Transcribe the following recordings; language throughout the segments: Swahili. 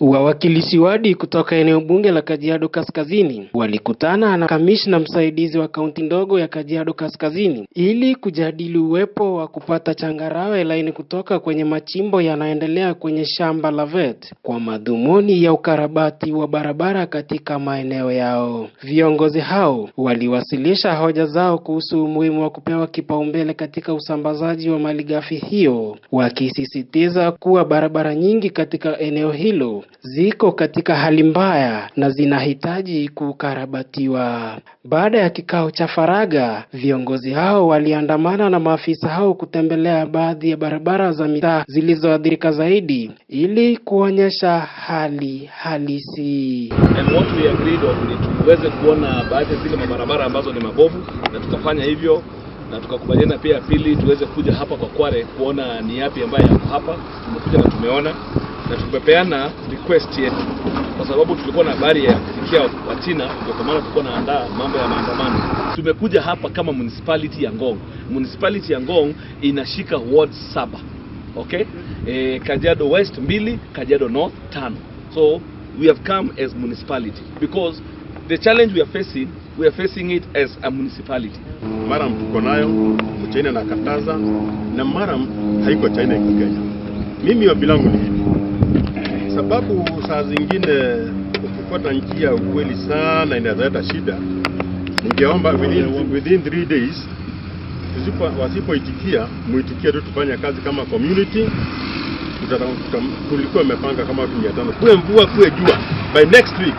Wawakilishi wadi kutoka eneo bunge la Kajiado Kaskazini walikutana na kamishna msaidizi wa kaunti ndogo ya Kajiado Kaskazini ili kujadili uwepo wa kupata changarawe laini kutoka kwenye machimbo yanaendelea kwenye shamba la VET kwa madhumuni ya ukarabati wa barabara katika maeneo yao. Viongozi hao waliwasilisha hoja zao kuhusu umuhimu wa kupewa kipaumbele katika usambazaji wa malighafi hiyo, wakisisitiza kuwa barabara nyingi katika eneo hilo ziko katika hali mbaya na zinahitaji kukarabatiwa. Baada ya kikao cha faraga viongozi hao waliandamana na maafisa hao kutembelea baadhi ya barabara za mitaa zilizoathirika zaidi ili kuonyesha hali halisi. And what we agreed on ni tuweze kuona baadhi ya zile mabarabara ambazo ni mabovu na tukafanya hivyo na tukakubaliana pia, pili tuweze kuja hapa kwa Kware kuona ni yapi ambayo yako hapa. Tumekuja na tumeona na tumepeana request yetu kwa sababu tulikuwa na habari ya kufikia Watina, ndio kwa maana tulikuwa naandaa mambo ya maandamano. Tumekuja hapa kama municipality ya Ngong. Municipality ya Ngong inashika ward saba, okay? E, Kajiado West mbili, Kajiado North tano. So we have come as municipality because the challenge we are facing we are facing it as a municipality. Maram tuko nayo mchaina na kataza na Maram haiko China iko Kenya. Mimi wa bilangu ni hivi sababu saa zingine ukifuata njia ukweli sana inaleta shida. Ningeomba within, within three days wasipoitikia muitikie tu, tufanye kazi kama community. Tulikuwa imepanga kama watu mia tano, kuwe mvua kuwe jua, by next week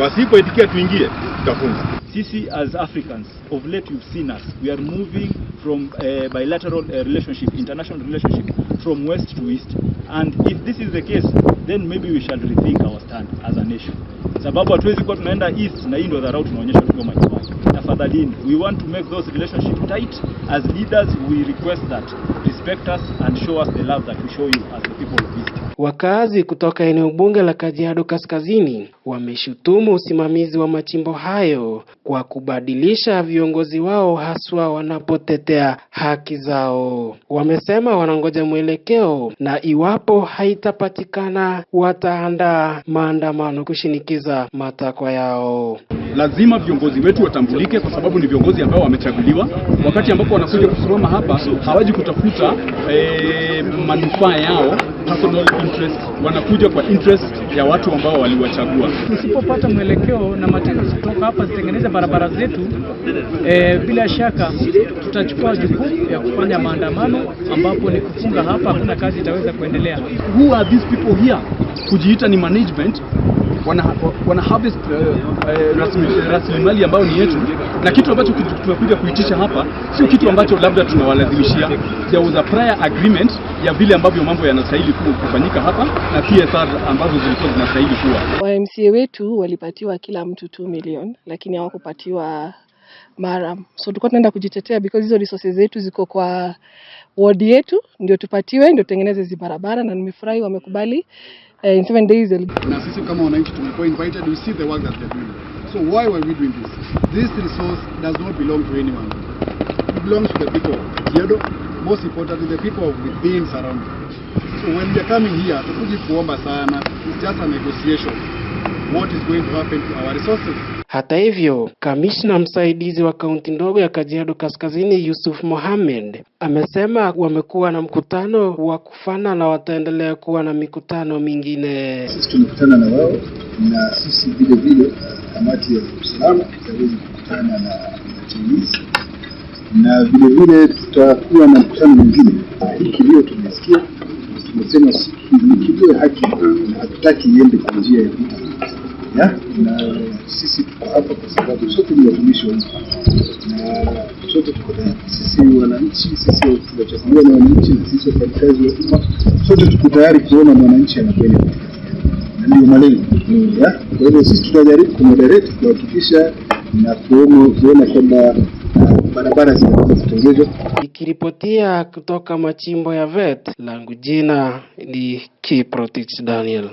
wasipoitikia tuingie, tutafunga Sisi as Africans of late you've seen us we are moving from a bilateral relationship international relationship from west to east And if this is the case, then maybe we shall rethink our stand as a nation, sababu hatuwezi kuwa tunaenda east na hii ndio dharau tunaonyesha tukiwa majumbani. Tafadhalini, we want to make those relationship tight. As leaders we request that respect us and show us the love that we show you as the people of East. Wakaazi kutoka eneo bunge la Kajiado Kaskazini wameshutumu usimamizi wa machimbo hayo kwa kubadilisha viongozi wao haswa wanapotetea haki zao. Wamesema wanangoja mwelekeo na iwapo haitapatikana wataandaa maandamano kushinikiza matakwa yao. Lazima viongozi wetu watambulike, kwa sababu ni viongozi ambao wamechaguliwa. Wakati ambapo wanakuja kusimama hapa, hawaji kutafuta e, manufaa yao personal interest, wanakuja kwa interest ya watu ambao waliwachagua tusipopata mwelekeo na matendo kutoka hapa zitengeneze barabara zetu e, bila shaka tutachukua jukumu ya kufanya maandamano ambapo ni kufunga hapa, hakuna kazi itaweza kuendelea. Who are these people here kujiita ni management wana, harvest uh, uh, rasilimali ambayo ni yetu, na kitu ambacho tumekuja kuitisha hapa sio kitu ambacho labda tunawalazimishia. There was a prior agreement ya vile ambavyo mambo yanastahili kufanyika hapa na PSR ambazo zilikuwa zinastahili kuwa. WMCA wetu walipatiwa kila mtu 2 million lakini hawakupatiwa mara, so tulikuwa tunaenda kujitetea because hizo resources zetu ziko kwa ward yetu ndio tupatiwe ndio tutengeneze hizi barabara, na nimefurahi wamekubali eh, in seven days. Na sisi kama wananchi tumekuwa invited, we see the work that they're doing, so why were we doing this? This resource does not belong to anyone, it belongs to the people Kiodo, most importantly the people of within surrounding. So when we are coming here, tukuji kuomba sana, it's just a negotiation what is going to happen to our resources. Hata hivyo, kamishna msaidizi wa kaunti ndogo ya Kajiado Kaskazini Yusuf Mohamed amesema wamekuwa na mkutano wa kufana na wataendelea kuwa na mikutano mingine. Sisi tumekutana na wao na sisi vile vile uh, kamati ya usalama itaweza kukutana na TAIS na vile vile tutakuwa na mkutano mwingine. Kilio tumesikia, tumesema tumekilia haki na hatutaki iende kwa njia ya vita ya na sisi tuko hapa kwa sababu sote ni watumishi wa nchi na sote tuko tayari. Sisi wananchi, sisi tunachaguliwa na wananchi, na sisi wafanyakazi wa umma, sote tuko tayari kuona mwananchi anakwenda katika na ndio malengo ya. Kwa hivyo sisi tutajaribu kumoderate, kuhakikisha na kuona kwamba ah, barabara zinaweza kutengezwa. Nikiripotia kutoka machimbo ya vet, langu jina ni Kiprotich Daniel.